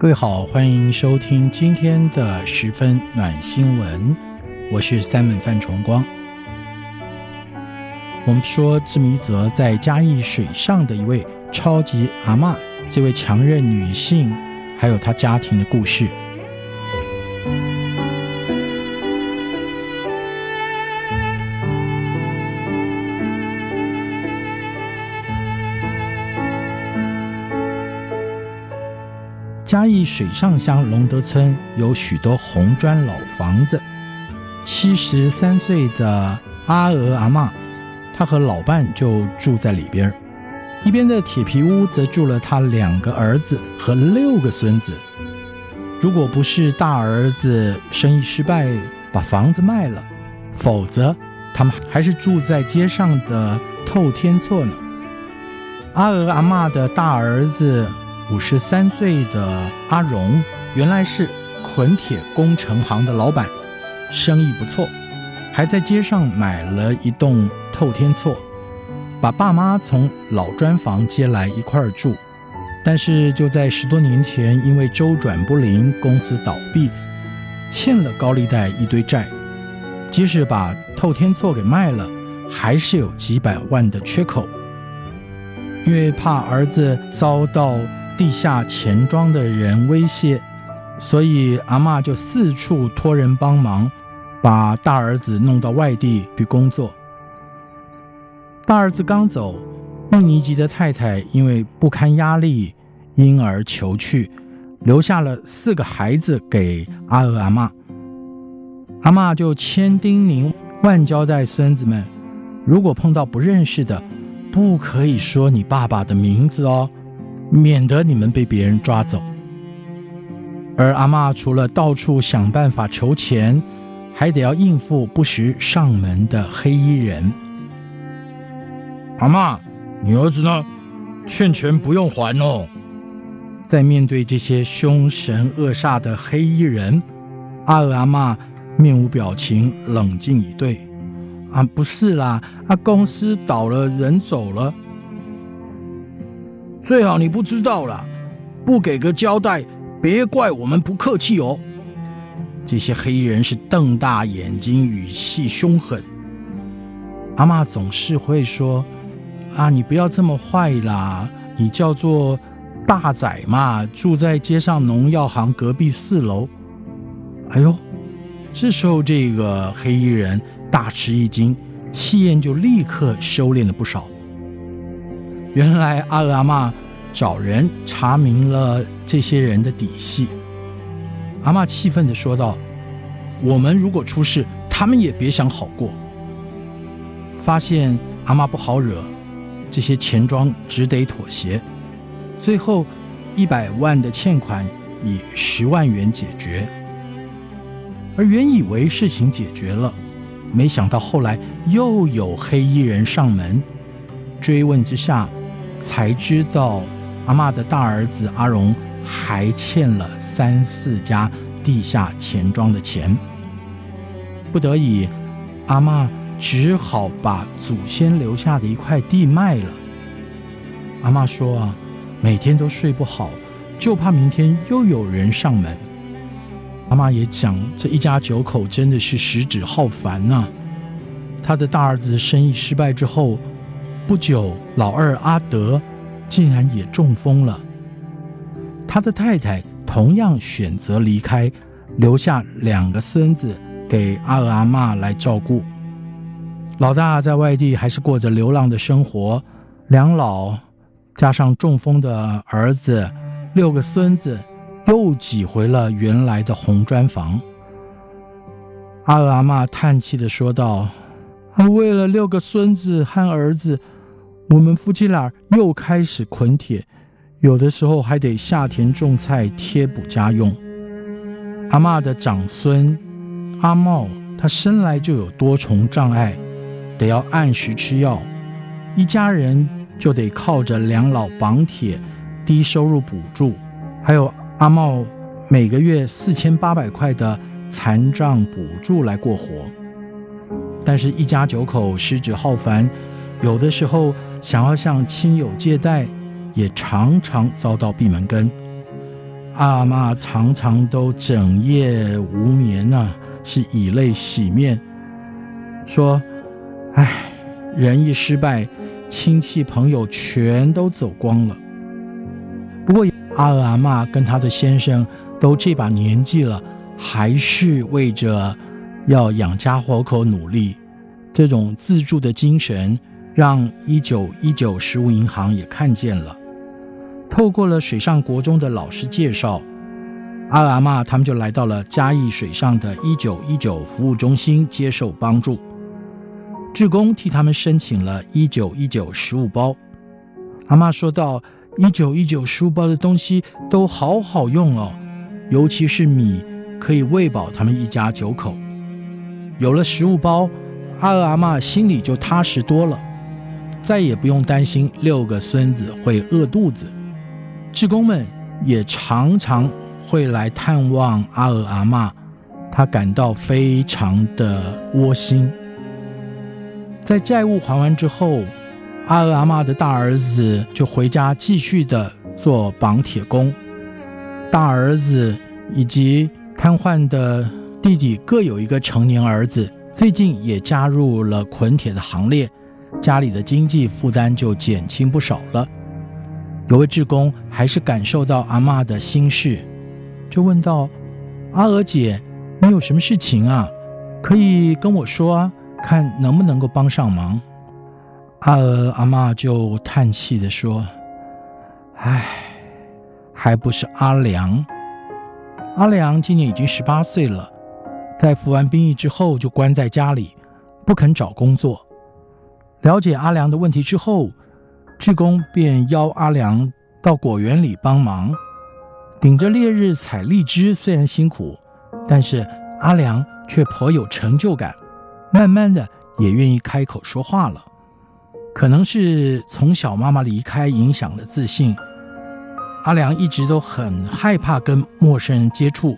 各位好，歡迎收聽今天的十分暖新聞，我是 Simon 范崇光。我們說志彌澤在嘉義水上的一位超級阿嬤，這位強韌女性，還有她家庭的故事。嘉義水上鄉龍德村有許多紅磚老房子。七十三歲的阿娥阿嬤，她和老伴就住在裡邊。一邊的鐵皮屋則住了他兩個兒子和六個孫子。如果不是大兒子生意失敗把房子賣了，否則他們還是住在街上的透天厝呢。阿娥阿嬤的大兒子。五十三歲的阿榮原來是捆鐵工程行的老闆，生意不錯，還在街上買了一棟透天厝，把爸媽從老磚房接來一塊兒住。但是就在十多年前，因為周轉不靈，公司倒閉，欠了高利貸一堆債，即使把透天厝給賣了，還是有幾百萬的缺口。因為怕兒子遭到地下錢莊的人威脅，所以阿嬤就四處託人幫忙，把大兒子弄到外地去工作。大兒子剛走，孟尼吉的太太因為不堪壓力，因而求去，留下了四個孩子給阿娥阿嬤。阿嬤就千叮嚀萬交代孫子們：如果碰到不認識的，不可以說你爸爸的名字哦。免得你們被別人抓走，而阿嬤除了到處想辦法籌錢，還得要應付不時上門的黑衣人。阿嬤，你兒子呢？欠錢不用還哦。在面對這些凶神惡煞的黑衣人，阿爾阿嬤面無表情，冷靜以對。啊，不是啦，啊公司倒了，人走了。最好你不知道啦，不給個交代，別怪我們不客氣哦。這些黑衣人是瞪大眼睛，語氣兇狠。阿嬤總是會說：“啊，你不要這麼壞啦，你叫做大仔嘛，住在街上農藥行隔壁四樓。”哎呦，這時候這個黑衣人大吃一驚，氣焰就立刻收斂了不少。原來阿媽阿嬤找人查明了這些人的底細，阿嬤氣憤的說道：“我們如果出事，他們也別想好過。”發現阿嬤不好惹，這些錢莊只得妥協，最後一百萬的欠款以十萬元解決。而原以為事情解決了，沒想到後來又有黑衣人上門，追問之下，才知道，阿嬤的大兒子阿榮還欠了三四家地下錢莊的錢。不得已，阿嬤只好把祖先留下的一塊地賣了。阿嬤說：“啊，每天都睡不好，就怕明天又有人上門。”阿嬤也講，這一家九口真的是食指浩繁吶。他的大兒子生意失敗之後。不久，老二阿德竟然也中風了。他的太太同樣選擇離開，留下兩個孫子給阿爾阿嬤來照顧。老大在外地還是過着流浪的生活。兩老加上中風的兒子，六個孫子又擠回了原來的紅磚房。阿爾阿嬤嘆氣的說道，啊，“為了六個孫子和兒子。”我們夫妻倆又開始捆鐵，有的時候還得下田種菜貼補家用。阿嬤的長孫阿茂，他生來就有多重障礙，得要按時吃藥，一家人就得靠着兩老綁鐵、低收入補助，還有阿茂每個月四千八百塊的殘障補助來過活。但是，一家九口食指浩繁，有的時候。想要向親友借貸，也常常遭到閉門羹。阿阿嬤常常都整夜無眠呢、啊，是以淚洗面，說：“哎，人一失敗，親戚朋友全都走光了。”不過，阿阿嬤跟她的先生都這把年紀了，還是為着要養家活口努力，這種自助的精神。讓1919食物銀行也看見了，透過了水上國中的老師介紹，阿爾阿嬤他們就來到了嘉義水上的1919服務中心接受幫助，志工替他們申請了1919食物包。阿嬤說道，1919食物包的東西都好好用哦，尤其是米可以餵飽他們一家九口，有了食物包，阿爾阿嬤心裡就踏實多了。再也不用擔心六個孫子會餓肚子，志工們也常常會來探望阿娥阿嬤，他感到非常的窩心。在債務還完之後，阿娥阿嬤的大兒子就回家繼續的做綁鐵工，大兒子以及癱瘓的弟弟各有一個成年兒子，最近也加入了捆鐵的行列。家裡的經濟負擔就減輕不少了。有位志工還是感受到阿嬤的心事，就問道：“阿娥姐，你有什麼事情啊？可以跟我說啊，看能不能夠幫上忙。”阿娥阿嬤就嘆氣地說：“唉，還不是阿良。阿良今年已經十八歲了，在服完兵役之後就關在家裡，不肯找工作。”了解阿良的問題之後，志工便邀阿良到果園裡幫忙，頂着烈日採荔枝，雖然辛苦，但是阿良卻頗有成就感，慢慢的也願意開口說話了。可能是從小媽媽離開影響了自信，阿良一直都很害怕跟陌生人接觸，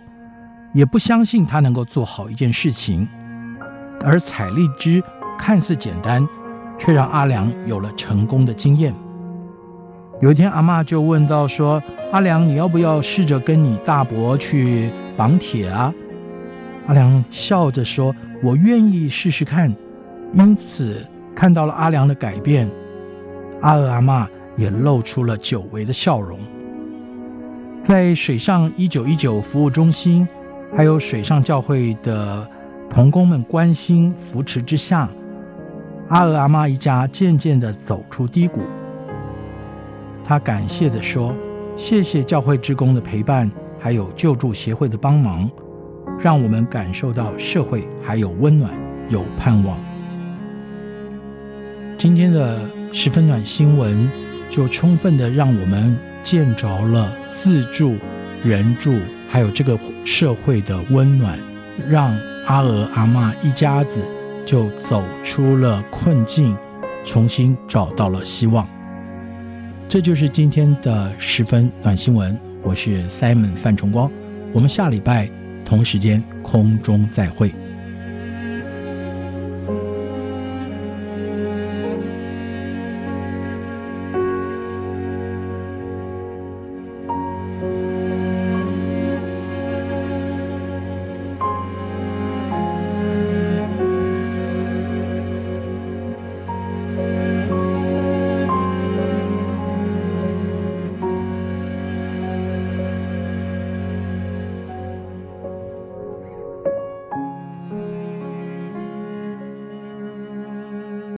也不相信他能夠做好一件事情。而採荔枝看似簡單。卻讓阿良有了成功的經驗。有一天，阿嬤就問到說：“阿良，你要不要試着跟你大伯去綁鐵啊？”阿良笑着說：“我願意試試看。”因此，看到了阿良的改變，阿娥阿嬤也露出了久違的笑容。在水上一九一九服務中心，還有水上教會的同工們關心扶持之下。阿娥阿媽一家漸漸地走出低谷，他感謝地說：“謝謝教會志工的陪伴，還有救助協會的幫忙，讓我們感受到社會還有溫暖，有盼望。”今天的十分暖新聞，就充分的讓我們見着了自助、人助，還有這個社會的溫暖，讓阿娥阿媽一家子。就走出了困境，重新找到了希望。這就是今天的十分暖新聞。我是 Simon 范崇光，我們下禮拜同時間空中再會。